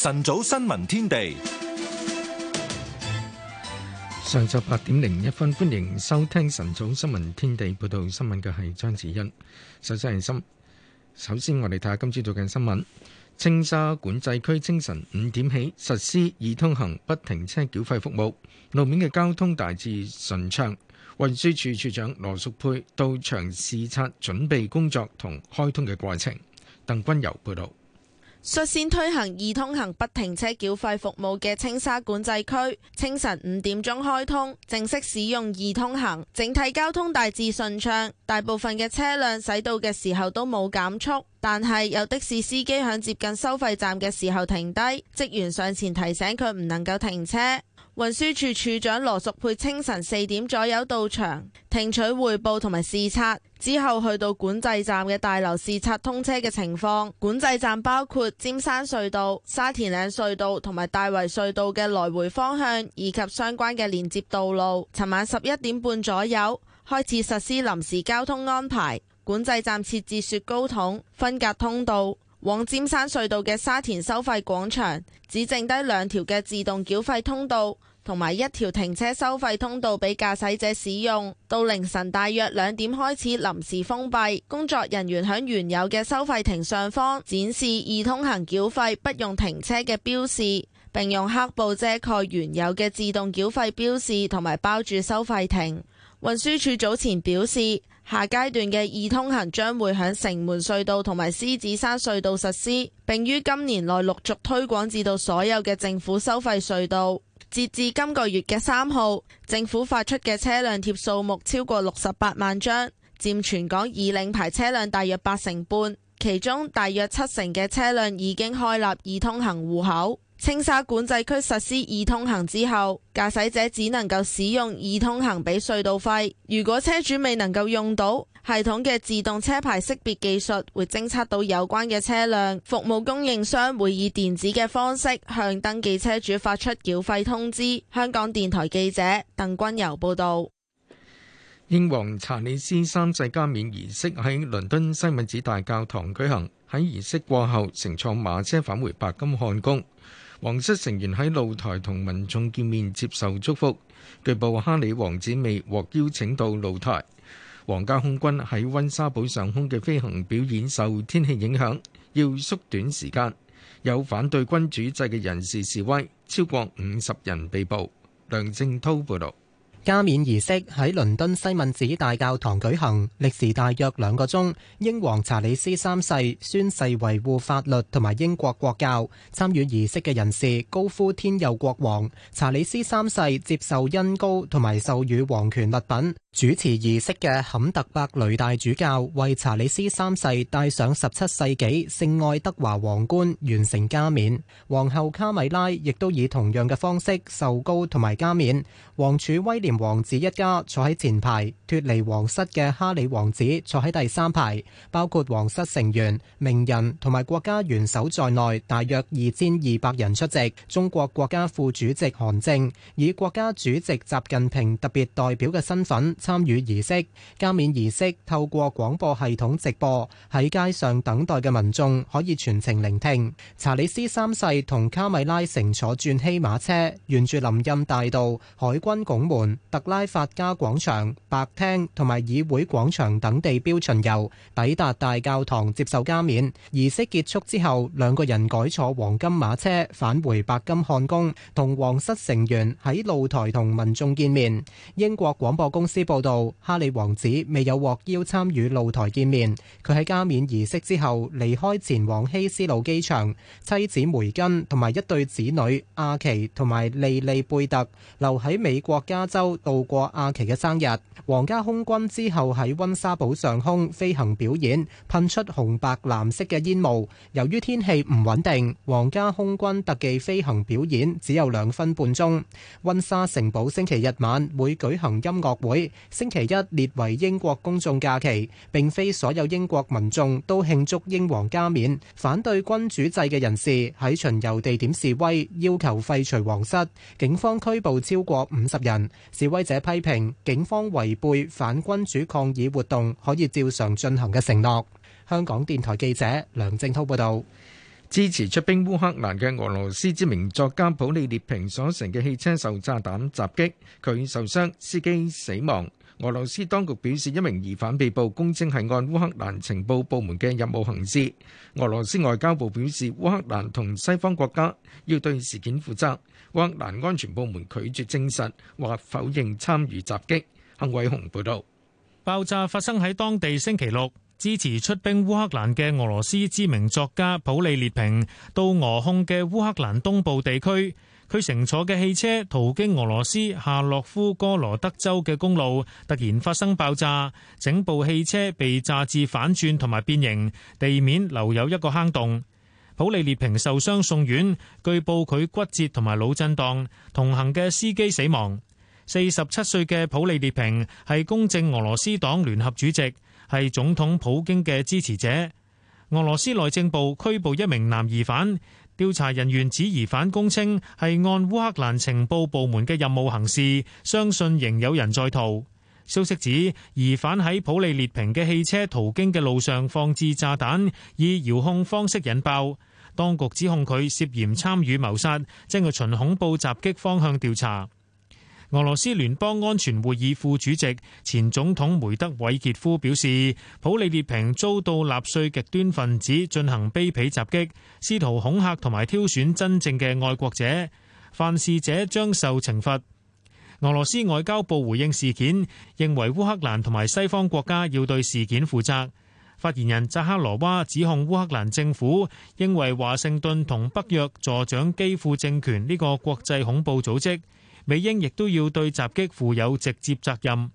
晨早新聞天地，上晝八點零一分，歡迎收聽晨早新聞天地。報道新聞嘅係張子欣，首先係心。首先我哋睇下今朝最近新聞，青沙管制區清晨五點起實施易通行不停車繳費服務，路面嘅交通大致順暢。運輸處處長羅淑佩到場視察準備工作同開通嘅過程。鄧君游報道。率先推行易通行不停車繳費服務嘅青沙管制區，清晨五點鐘開通，正式使用易通行，整體交通大致順暢，大部分嘅車輛駛到嘅時候都冇減速。但係有的士司機響接近收費站嘅時候停低，職員上前提醒佢唔能夠停車。運輸處處長羅淑佩清晨四點左右到場聽取匯報同埋視察，之後去到管制站嘅大樓視察通車嘅情況。管制站包括尖山隧道、沙田嶺隧道同埋大圍隧道嘅來回方向以及相關嘅連接道路。尋晚十一點半左右開始實施臨時交通安排。管制站設置雪糕筒、分隔通道，往尖山隧道嘅沙田收費廣場只剩低兩條嘅自動繳費通道，同埋一條停車收費通道俾駕駛者使用。到凌晨大約兩點開始臨時封閉，工作人員喺原有嘅收費亭上方展示易通行繳費不用停車嘅標示，並用黑布遮蓋原有嘅自動繳費標示，同埋包住收費亭。運輸署早前表示。下階段嘅易通行將會響城門隧道同埋獅子山隧道實施，並於今年內陸續推廣至到所有嘅政府收費隧道。截至今個月嘅三號，政府發出嘅車輛貼數目超過六十八萬張，佔全港已領牌車輛大約八成半，其中大約七成嘅車輛已經開立易通行戶口。青沙管制區實施易通行之後，駕駛者只能夠使用易通行俾隧道費。如果車主未能夠用到系統嘅自動車牌識別技術，會偵測到有關嘅車輛，服務供應商會以電子嘅方式向登記車主發出繳費通知。香港電台記者鄧君由報道。英皇查理斯三世加冕儀式喺倫敦西敏寺大教堂舉行，喺儀式過後乘坐馬車返回白金漢宮。皇室成員喺露台同民眾見面，接受祝福。據報哈里王子未獲邀請到露台。皇家空軍喺溫莎堡上空嘅飛行表演受天氣影響，要縮短時間。有反對君主制嘅人士示威，超過五十人被捕。梁正濤報道。加冕儀式喺倫敦西敏寺大教堂舉行，歷時大約兩個鐘。英皇查理斯三世宣誓維護法律同埋英國國教。參與儀式嘅人士高呼天佑國王查理斯三世，接受恩膏同埋授予皇權物品。主持儀式嘅坎特伯雷大主教為查理斯三世戴上十七世紀聖愛德華皇冠，完成加冕。皇后卡米拉亦都以同樣嘅方式受膏同埋加冕。皇儲威廉王子一家坐喺前排，脫離皇室嘅哈里王子坐喺第三排。包括皇室成員、名人同埋國家元首在內，大約二千二百人出席。中國國家副主席韓正以國家主席習近平特別代表嘅身份。參與儀式。加冕儀式透過廣播系統直播，喺街上等待嘅民眾可以全程聆聽。查理斯三世同卡米拉乘坐鑽禧馬車，沿住林蔭大道、海軍拱門、特拉法加廣場、白廳同埋議會廣場等地標巡遊，抵達大教堂接受加冕。儀式結束之後，兩個人改坐黃金馬車返回白金漢宮，同皇室成員喺露台同民眾見面。英國廣播公司。報道：哈利王子未有獲邀參與露台見面。佢喺加冕儀式之後離開前往希斯路機場，妻子梅根同埋一對子女阿奇同埋莉莉貝特留喺美國加州度過阿奇嘅生日。皇家空軍之後喺溫莎堡上空飛行表演，噴出紅白藍色嘅煙霧。由於天氣唔穩定，皇家空軍特技飛行表演只有兩分半鐘。溫莎城堡星期日晚會舉行音樂會。星期一列為英國公眾假期，並非所有英國民眾都慶祝英皇加冕。反對君主制嘅人士喺巡遊地點示威，要求廢除皇室。警方拘捕超過五十人。示威者批評警方違背反君主抗議活動可以照常進行嘅承諾。香港電台記者梁正滔報導。支持出兵烏克蘭嘅俄羅斯知名作家普利列平所乘嘅汽車受炸彈襲擊，佢受傷，司機死亡。俄羅斯當局表示，一名疑犯被捕，供稱係按烏克蘭情報部門嘅任務行事。俄羅斯外交部表示，烏克蘭同西方國家要對事件負責。烏克蘭安全部門拒絕證實或否認參與襲擊。幸偉雄報道。爆炸發生喺當地星期六。支持出兵烏克蘭嘅俄羅斯知名作家普利列平到俄控嘅烏克蘭東部地區，佢乘坐嘅汽車途經俄羅斯夏洛夫哥羅德州嘅公路，突然發生爆炸，整部汽車被炸至反轉同埋變形，地面留有一個坑洞。普利列平受傷送院，據報佢骨折同埋腦震盪，同行嘅司機死亡。四十七歲嘅普利列平係公正俄羅斯黨聯合主席。係總統普京嘅支持者。俄羅斯內政部拘捕一名男疑犯，調查人員指疑犯供稱係按烏克蘭情報部門嘅任務行事，相信仍有人在逃。消息指疑犯喺普利列平嘅汽車途經嘅路上放置炸彈，以遙控方式引爆。當局指控佢涉嫌參與謀殺，正係循恐怖襲擊方向調查。俄羅斯聯邦安全會議副主席、前總統梅德韋傑夫表示，普里列平遭到納粹極端分子進行卑鄙襲，襲擊，試圖恐嚇同埋挑選真正嘅愛國者，犯事者將受懲罰。俄羅斯外交部回應事件，認為烏克蘭同埋西方國家要對事件負責。發言人扎克羅娃指控烏克蘭政府認為華盛頓同北約助長基輔政權呢個國際恐怖組織。美英亦都要對襲擊負有直接責任。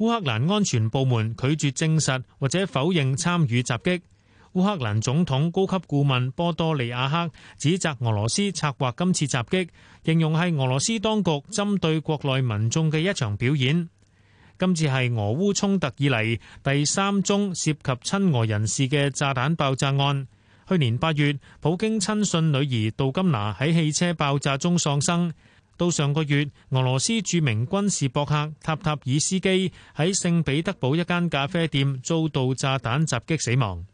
烏克蘭安全部門拒絕證實或者否認參與襲擊。烏克蘭總統高級顧問波多利亞克指責俄羅斯策劃今次襲擊，形容係俄羅斯當局針對國內民眾嘅一場表演。今次係俄烏衝突以嚟，第三宗涉及親俄人士嘅炸彈爆炸案。去年八月，普京親信女兒杜金娜喺汽車爆炸中喪生。到上個月，俄羅斯著名軍事博客塔塔爾斯基喺聖彼得堡一間咖啡店遭到炸彈襲擊死亡。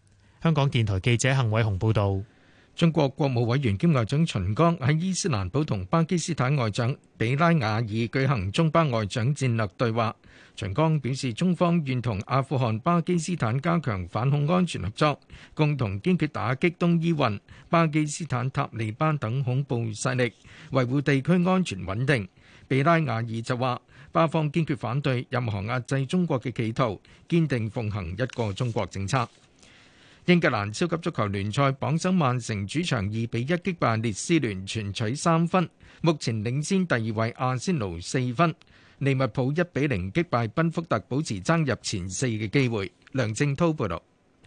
香港電台記者幸偉雄報導。中國國務委員兼外長秦剛喺伊斯蘭堡同巴基斯坦外長比拉瓦爾舉行中巴外長戰略對話。秦剛表示，中方願同阿富汗、巴基斯坦加強反恐安全合作，共同堅決打擊東伊運、巴基斯坦塔利班等恐怖勢力，維護地區安全穩定。比拉瓦爾就話，巴方堅決反對任何壓制中國嘅企圖，堅定奉行一個中國政策。英格蘭超級足球聯賽榜首曼城主場2比1擊敗列斯聯，全取三分，目前領先第二位阿仙奴四分。利物浦1比0擊敗賓福特，保持爭入前四嘅機會。梁正濤報道。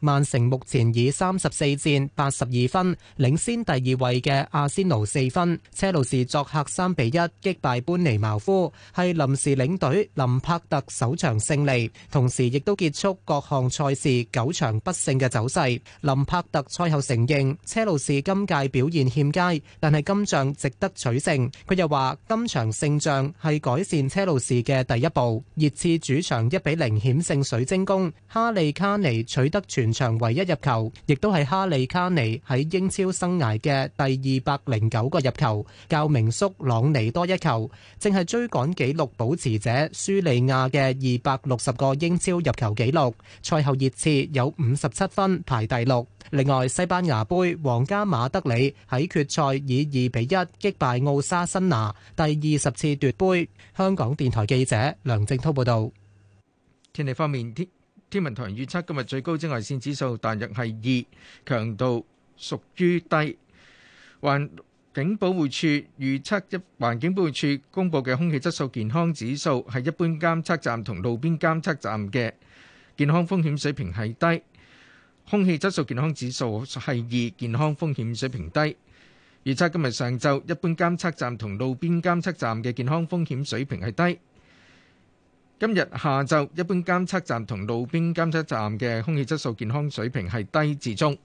曼城目前以三十四戰八十二分領先第二位嘅阿仙奴四分。車路士作客三比一擊敗班尼茅夫，係臨時領隊林柏特首場勝利，同時亦都結束各項賽事九場不勝嘅走勢。林柏特賽後承認車路士今屆表現欠佳，但係今仗值得取勝。佢又話今場勝仗係改善車路士嘅第一步。熱刺主場一比零險勝水晶宮，哈利卡尼取得全。全場唯一入球，亦都係哈利卡尼喺英超生涯嘅第二百零九個入球，較明叔朗尼多一球，正係追趕紀錄保持者舒利亞嘅二百六十個英超入球紀錄。賽後熱刺有五十七分排第六。另外，西班牙杯皇家馬德里喺決賽以二比一擊敗奧沙辛拿，第二十次奪杯。香港電台記者梁正濤報道。天氣方面，天。天文台預測今日最高紫外線指數大約係二，強度屬於低。環境保護署預測一環境保護署公布嘅空氣質素健康指數係一般監測站同路邊監測站嘅健康風險水平係低，空氣質素健康指數係二，健康風險水平低。預測今日上晝一般監測站同路邊監測站嘅健康風險水平係低。今日下晝一般監測站同路邊監測站嘅空氣質素健康水平係低至中。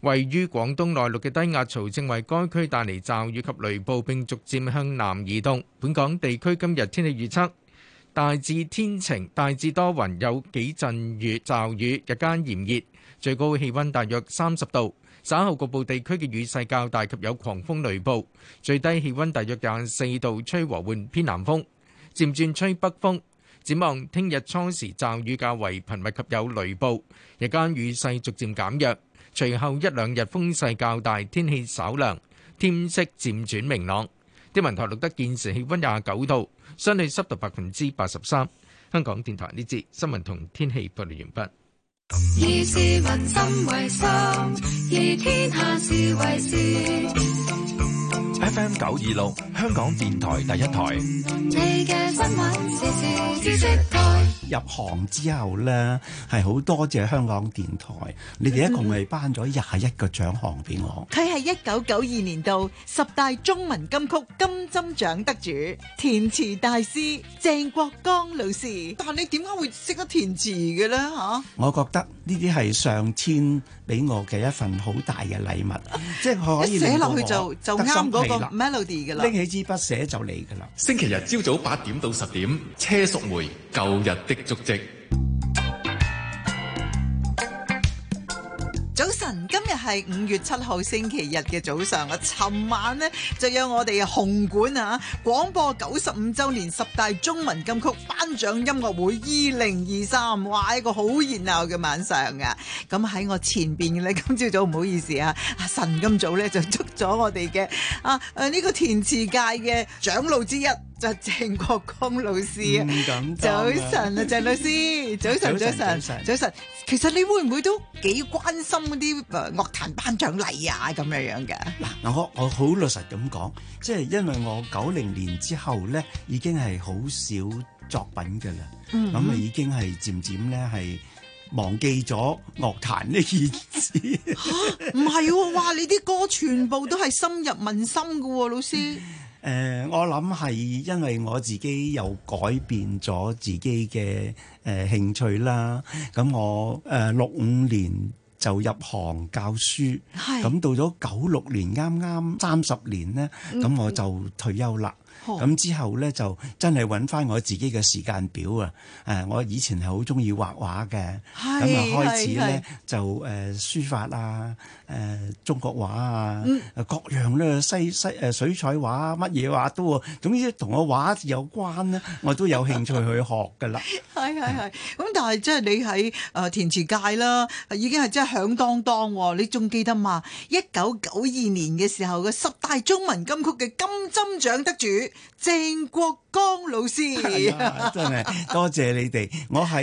位於廣東內陸嘅低壓槽正為該區帶嚟驟雨及雷暴，並逐漸向南移動。本港地區今日天氣預測大致天晴，大致多雲，有幾陣雨驟雨，日間炎熱，最高氣溫大約三十度。稍後局部地區嘅雨勢較大，及有狂風雷暴。最低氣溫大約廿四度，吹和緩偏南風，漸轉吹北風。展望聽日初時驟雨較為頻密及有雷暴，日間雨勢逐漸減弱。隨後一兩日風勢較大，天氣稍涼，天色漸轉明朗。天文台錄得現時氣温廿九度，相對濕度百分之八十三。香港電台呢節新聞同天氣報道完畢。以 FM 九二六香港電台第一台。入行之後咧，係好多謝香港電台，你哋一共係頒咗廿一個獎項俾我。佢係一九九二年度十大中文金曲金針獎得主，填詞大師鄭國江老師。但係你點解會識得填詞嘅咧？嗬？我覺得呢啲係上天俾我嘅一份好大嘅禮物，即係可以寫落去就就啱嗰個 melody 㗎啦。拎起支筆寫就嚟㗎啦。星期日朝早八點到十點，車淑梅《舊日的足跡》。係五月七號星期日嘅早上我啊，尋晚咧就有我哋紅館啊，廣播九十五周年十大中文金曲頒獎音樂會二零二三，哇，一個好熱鬧嘅晚上啊！咁喺我前邊咧，今朝早唔好意思啊，陳今早咧就捉咗我哋嘅啊誒呢、呃這個填詞界嘅長老之一。就鄭國江老師，嗯、早晨啊，鄭老師，早晨，早晨，早晨，其實你會唔會都幾關心嗰啲誒樂壇頒獎禮啊？咁樣樣嘅嗱，我我好老實咁講，即係因為我九零年之後咧，已經係好少作品噶啦，咁啊、嗯、哼已經係漸漸咧係忘記咗樂壇呢件事。吓 啊，唔係喎，哇！你啲歌全部都係深入民心噶，老師。 誒、呃，我諗係因為我自己又改變咗自己嘅誒、呃、興趣啦。咁我誒六五年就入行教書，咁係到咗九六年啱啱三十年咧，咁我就退休啦。嗯咁之後咧就真係揾翻我自己嘅時間表啊！誒，我以前係好中意畫畫嘅，咁啊開始咧就誒書法啊、誒中國畫啊、各樣咧，西西誒水彩畫乜嘢畫都，總之同個畫有關咧，我都有興趣去學噶啦。係係係，咁但係即係你喺誒填詞界啦，已經係真係響當當喎！你仲記得嘛？一九九二年嘅時候嘅十大中文金曲嘅金針獎得主。鄭國江老師， 真係多謝你哋，我喺。